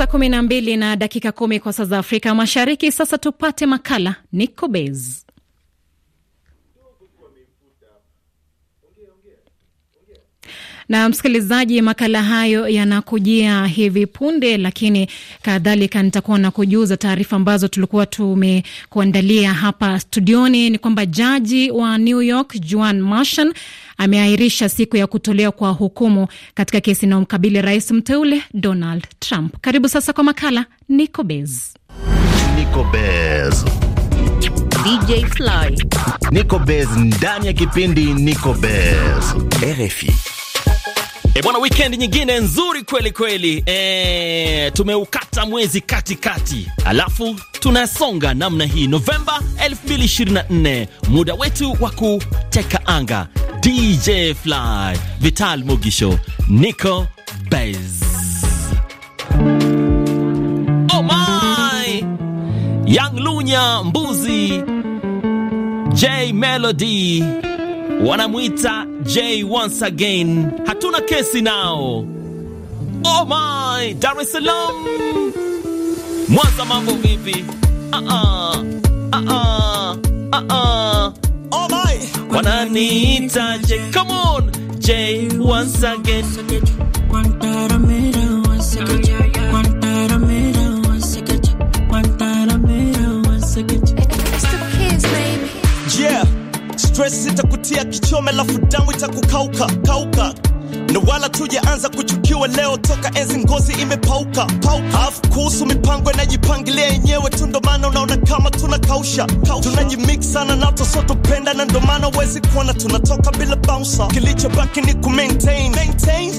Saa kumi na mbili na dakika kumi kwa saa za Afrika Mashariki. Sasa tupate makala nicobez Na msikilizaji, makala hayo yanakujia hivi punde, lakini kadhalika nitakuwa na kujuza taarifa ambazo tulikuwa tumekuandalia hapa studioni. Ni kwamba jaji wa New York Juan marshan ameahirisha siku ya kutolewa kwa hukumu katika kesi inayomkabili rais mteule Donald Trump. Karibu sasa kwa makala Niko Bez. Niko Bez. DJ Fly. Bez ndani ya kipindi Niko Bez. RFI. E bwana, weekend nyingine nzuri kweli kweli. E, tumeukata mwezi katikati kati. Alafu tunasonga namna hii Novemba 2024 muda wetu wa kuteka anga. DJ Fly, Vital Mugisho, Nico Bez. Oh my! Young Lunya Mbuzi, J Melody wanamwita J once again, hatuna kesi nao. Oh my, Dar es Salaam, Mwanza, mambo vipi? uh -uh. uh -uh. uh -uh. Oh my, wananiita J, come on J once again stress itakutia kichome, lafu damu itakukauka kauka na wala tujaanza kuchukiwa leo, toka enzi ngozi imepauka pauka. Alafu kuhusu mipango inajipangilia yenyewe tu, ndo maana unaona kama tunakausha tunajimix sana na tosotopenda, na ndo maana wezi kuona tunatoka bila bouncer. Kilichobaki ni ku maintain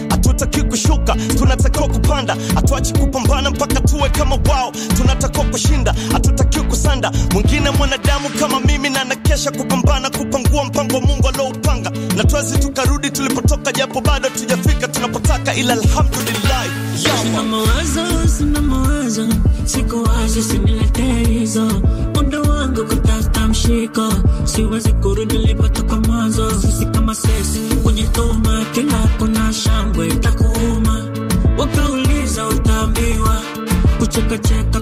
hatutaki kushuka, tunatakiwa kupanda, hatuachi kupambana mpaka tuwe kama wao, tunatakiwa kushinda, hatutaki kusanda. Mwingine mwanadamu kama mimi na nakesha kupambana kupangua mpango Mungu alioupanga, na tuwezi tukarudi tulipotoka, japo bado hatujafika tunapotaka, ila alhamdulillah. Sina mawazo, sina mawazo, siko wazi, siniletezo muda wangu kutafuta mshiko, siwezi kurudi nilipotoka mwanzo. Sisi kama sisi kwenye tuma, kila kuna shangwe itakuuma, wakauliza utaambiwa kuchekacheka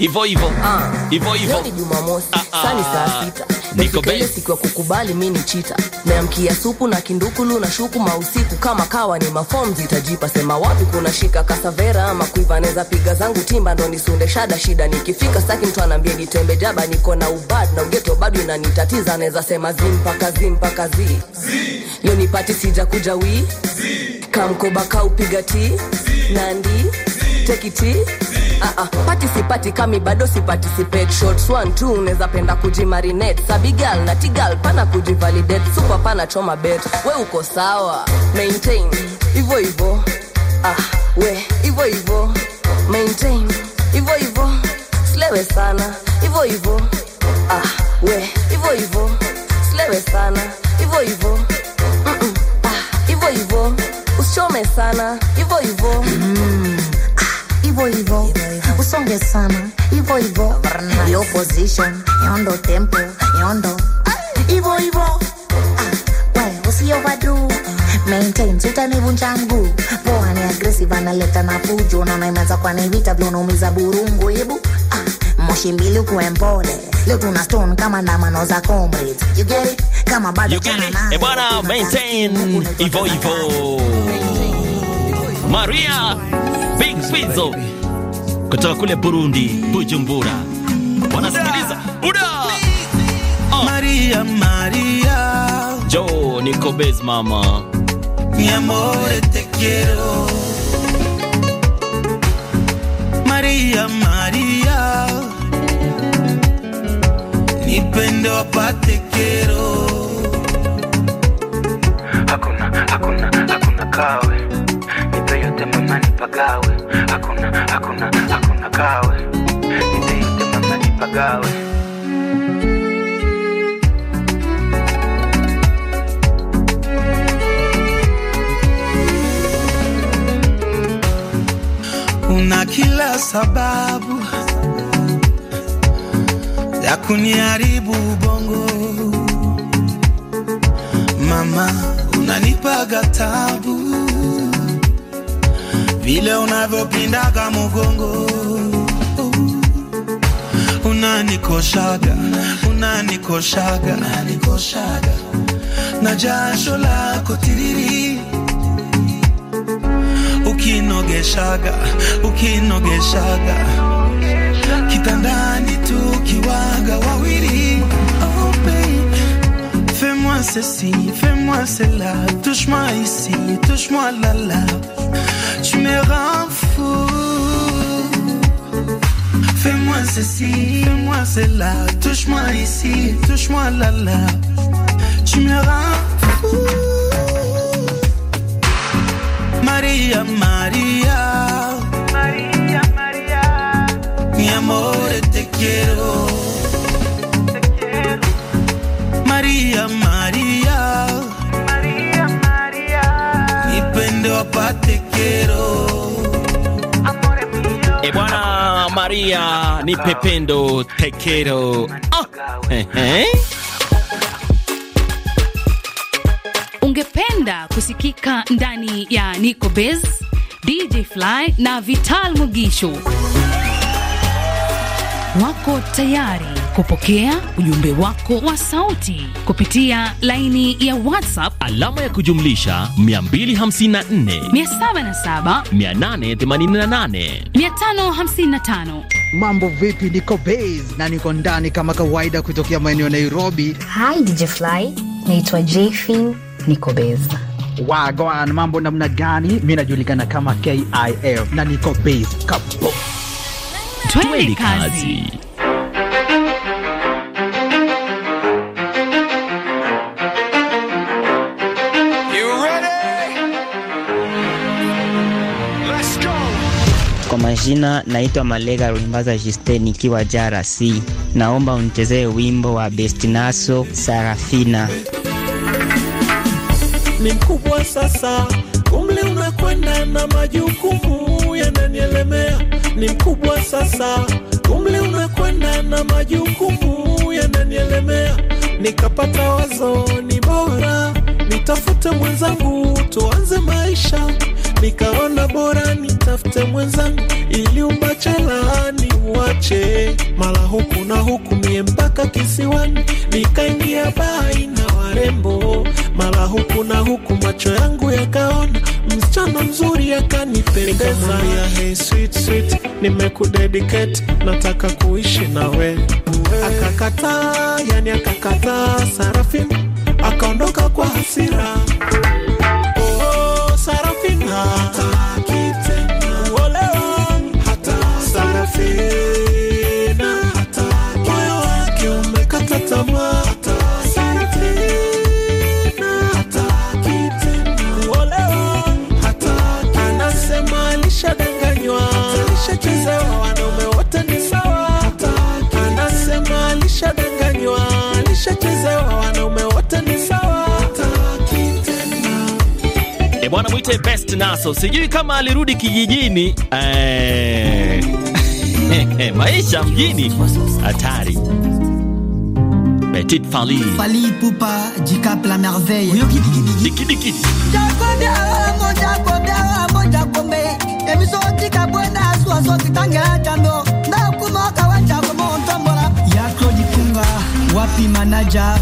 hivo hivo ah. hivo hivo ni Jumamosi ah, ah. sani saa sita niko bele siku ya kukubali mi ni chita meamkia supu na kindukulu na shuku mausiku kama kawa ni mafom itajipa sema wapi kuna shika kasavera ama kuiva kuivaneza piga zangu timba ndo nisunde shada shida nikifika saki mtu anaambia nitembe jaba niko na ubad na ugeto bado inanitatiza anaweza sema zim paka zim paka zi zi leo nipati sija kuja wii kamkoba kaupiga ti nandi tekiti zi uh ah, -uh. Ah. patisipati kami bado si participate shots one two unaweza penda kujimarinate girl na tigal pana kujivalidate super pana choma bet we uko sawa maintain ivo ivo ah we ivo ivo maintain ivo ivo slewe sana ivo ivo ah we ivo ivo slewe sana ivo hivyo hivyo hivyo the opposition yondo tempo nyondo hivyo hivyo ah, we usiovadu maintain utanivunja mguu poa ni agresive analeta na fujo naona imeanza kwanivita vile unaumiza burungu hebu ah, moshi mbili ukuempole leo tuna stone kama ndamano za comrades you get it kama bado eh, bwana maintain hivyo hivyo maria big pizzo kutoka kule Burundi, Bujumbura, wanasikiliza Buda. Oh. Maria, Maria. Jo, niko bez mama. Mi amore te quiero. Maria, Maria. pendo pa te quiero. Hakuna, hakuna, hakuna kawe. Nipe yote mwema nipagawe. Hakuna, hakuna, hakuna agawe nitehite una kila sababu ya kuniharibu ubongo mama, unanipaga tabu vile unavyopinda kama mgongo unanikoshaga, unanikoshaga, unanikoshaga na jasho lako tiriri ukinogeshaga, ukinogeshaga kitandani tukiwaga wawili oh, Fais-moi ceci, fais-moi cela, touche-moi ici, touche-moi là-là tu me rends fou. Fais-moi ceci, fais-moi cela, touche-moi ici, touche-moi là là. Tu me rends fou. Maria, Maria, Maria, Maria, mi amor te quiero. Te quiero. Maria, Maria. Maria ni pependo tekero ah. eh, eh. Ungependa kusikika ndani ya Nico Bez, DJ Fly na Vital Mugisho wako tayari kupokea ujumbe wako wa sauti kupitia laini ya WhatsApp alama ya kujumlisha 254 Mambo vipi? Niko base na niko ndani kama kawaida kutokea maeneo ya Nairobi. Hi DJ Fly, naitwa Jefin, niko base. Wagwan, mambo namna gani? Mi najulikana kama KIF na niko base kapo. Twende kazi. Majina naitwa Malega Rulimbaza Juste nikiwa JRC. Naomba unichezee wimbo wa Bestinaso Sarafina. Ni mkubwa sasa, umle unakwenda na majukumu yananielemea. Ni mkubwa sasa, umle unakwenda na majukumu yananielemea. Nikapata wazo, ni bora nitafute mwenzangu, tuanze maisha nikaona bora nitafute mwenzangu ili laani uache mara huku na huku mie mpaka kisiwani nikaingia bai na warembo mara huku na huku macho yangu yakaona msichana mzuri yakanipendeza ya hey, sweet, sweet, nimekudedicate nataka kuishi nawe akakataa yani akakataa Sarafin akaondoka kwa hasira bwana mwite Best Naso, sijui kama alirudi kijijini eh. maisha mjini hatari. Petite Fali Fali Pupa Jikap la merveille diki diki ya Claude Kunga wapi manaja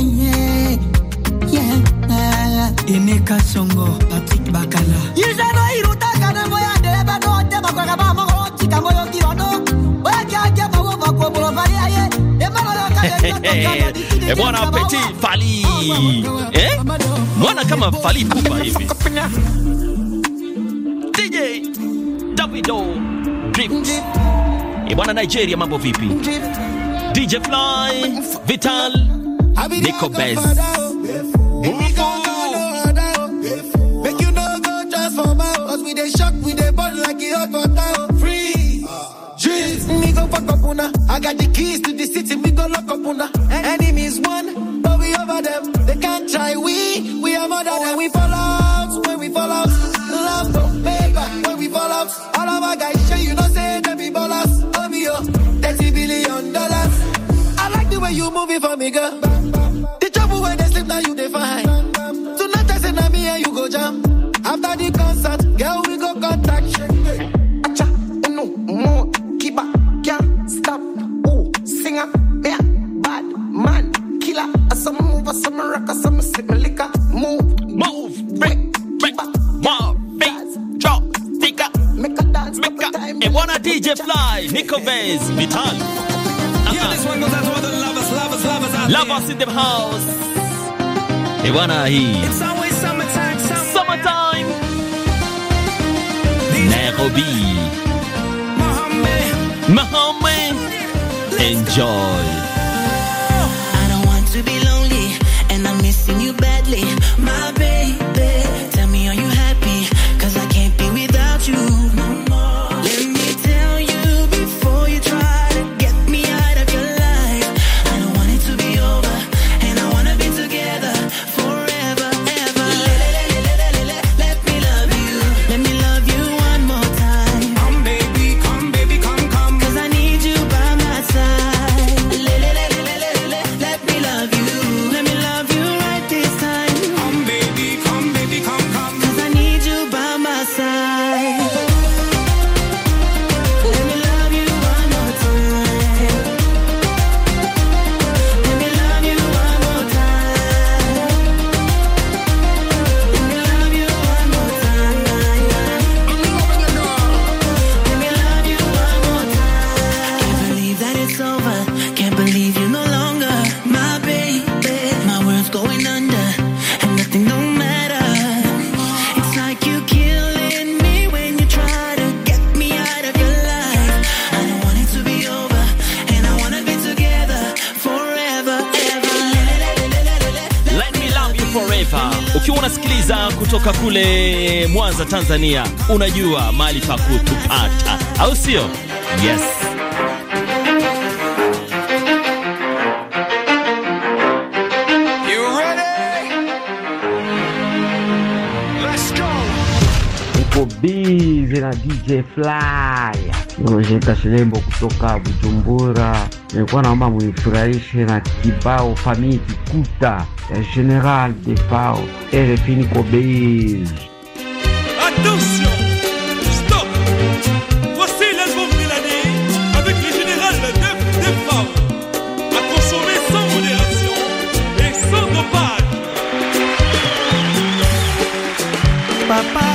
Kanye, yeah. bwana Petit Fali eh? Mwana kama Fali Pupa hivi DJ Davido Drift e eh, bwana Nigeria mambo vipi? DJ Fly Vital Nico Bez. Oh. Make you no go just Cause we dey shock, we dey burn like it hot water. Oh. Dreams. Me go fuck up I got the keys to the city, We go lock up una. Enemies one, but we over them. They can't try we. We are more than oh, we follow. move, I some rock, I some sip my liquor. Move, move, break, break, move, beat, drop, take up, make a dance, make a time. And wanna DJ Fly, Nico Vez, Vital. Yeah, uh-huh. this one goes out to all the lovers, lovers, lovers out Lovers in the house. They wanna hear. It's always summertime, summertime. Nairobi. Mohammed. Mohammed. Enjoy. Mwanza, Tanzania, unajua mahali pa kutupata, au sio? Yes. Bizi na DJ Fly Nojeka Shilembo kutoka Bujumbura. Nilikuwa naomba mwifurahishe na kibao famii kikuta ya eh, General Defao Erefini bizi Attention Stop Voici l'album de l'année avec le général de femmes à consommer sans modération et sans dopage. Papa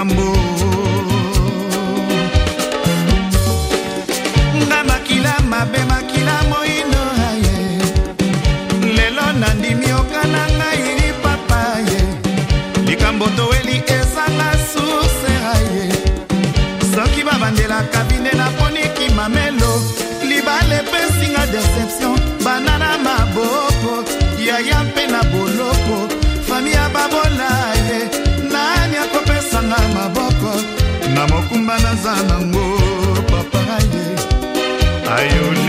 amor. na maboko na mokumba naza nango papa ye ayoli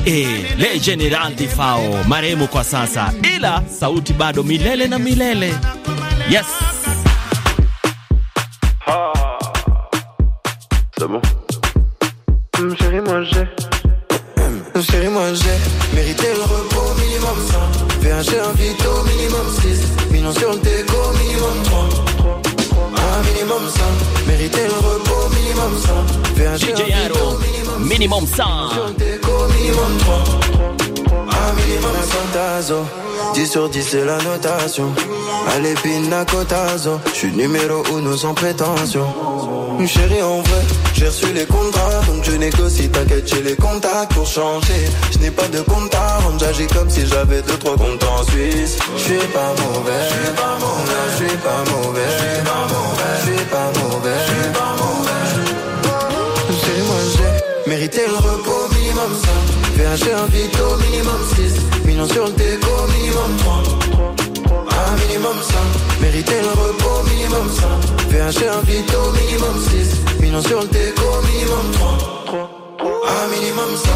aka e, Le General Tifao marehemu kwa sasa, ila sauti bado milele na milele. Yes c'est bon. Mmh, chérie, moi j'ai hum, chérie, moi j'ai mérité le repos minimum 100 VHG un vito minimum 6 Millions sur le déco minimum 3 un minimum 100 Mérité le repos minimum 100 VHG un vito minimum 6 Minimum 100 minimum 3. Un minimum santazo. 10 sur 10 c'est la notation. Allez pinacotazo. Je suis numéro 1 sans prétention. Chérie en vrai, j'ai reçu les contrats Donc je négocie, t'inquiète j'ai les contacts pour changer Je n'ai pas de compte à rendre, j'agis comme si j'avais deux trois comptes en Suisse mauvais. J'suis pas mauvais, je suis pas mauvais, je suis pas mauvais, je pas mauvais, je pas mauvais, moi j'ai mérité le repos minimum 5 VHR vite minimum 6 Millions sur le déco, minimum 3 Un minimum 5 le repos, minimum 5 minimum 6 Millions sur le déco, minimum 3 Un minimum 5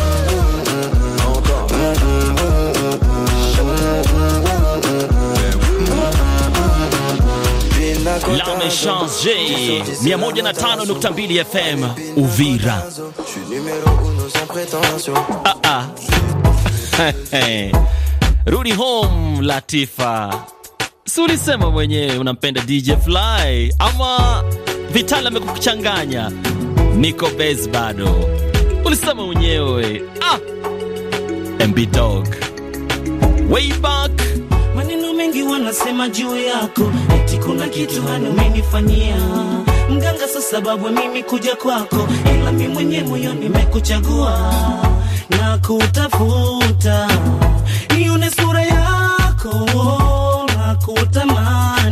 lamechange 105.2 FM Uvira. Ah, ah. Rudi home Latifa, si ulisema mwenyewe unampenda DJ Fly ama Vitali amekuchanganya? Niko base bado, ulisema mwenyewe ah. MB Dog way back mengi wanasema juu yako, eti kuna kitu hani umenifanyia mganga, Sa sababu mimi kuja kwako, ila mi mwenye moyo nimekuchagua na kutafuta, nione sura yako na kutamani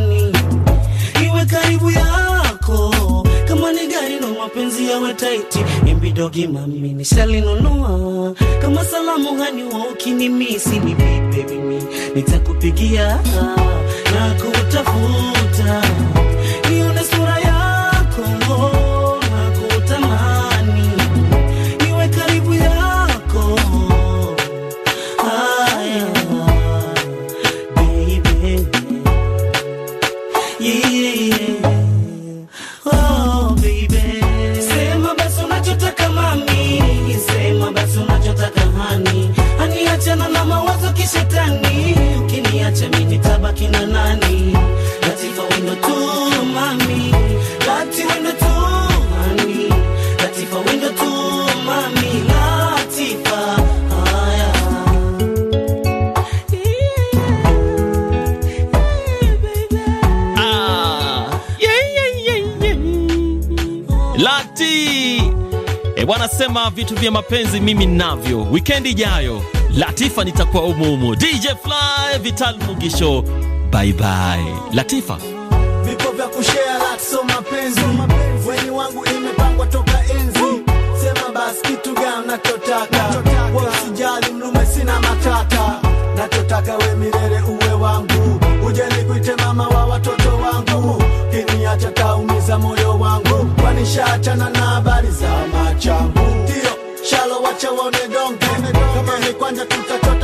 mapenzi yawe taiti imbidogi mami nishalinunua kama salamu hani wa misi ni bibi mimi nitakupigia na kutafuta E bwana, sema vitu vya mapenzi mimi navyo. Wikendi ijayo Latifa nitakuwa umu umu. DJ Fly Vital Mugisho, bye bye. Latifa vipo vya kushare lakso mapenzi wenyi wangu imepangwa toka enzi, sema basi kitu gani nachotaka, wasijali mlume, sina matata, nachotaka we milele uwe wangu, uje nikuite mama wa watoto wangu, kiniacha taumiza moyo wangu, kwanishachana na kufanya tutachota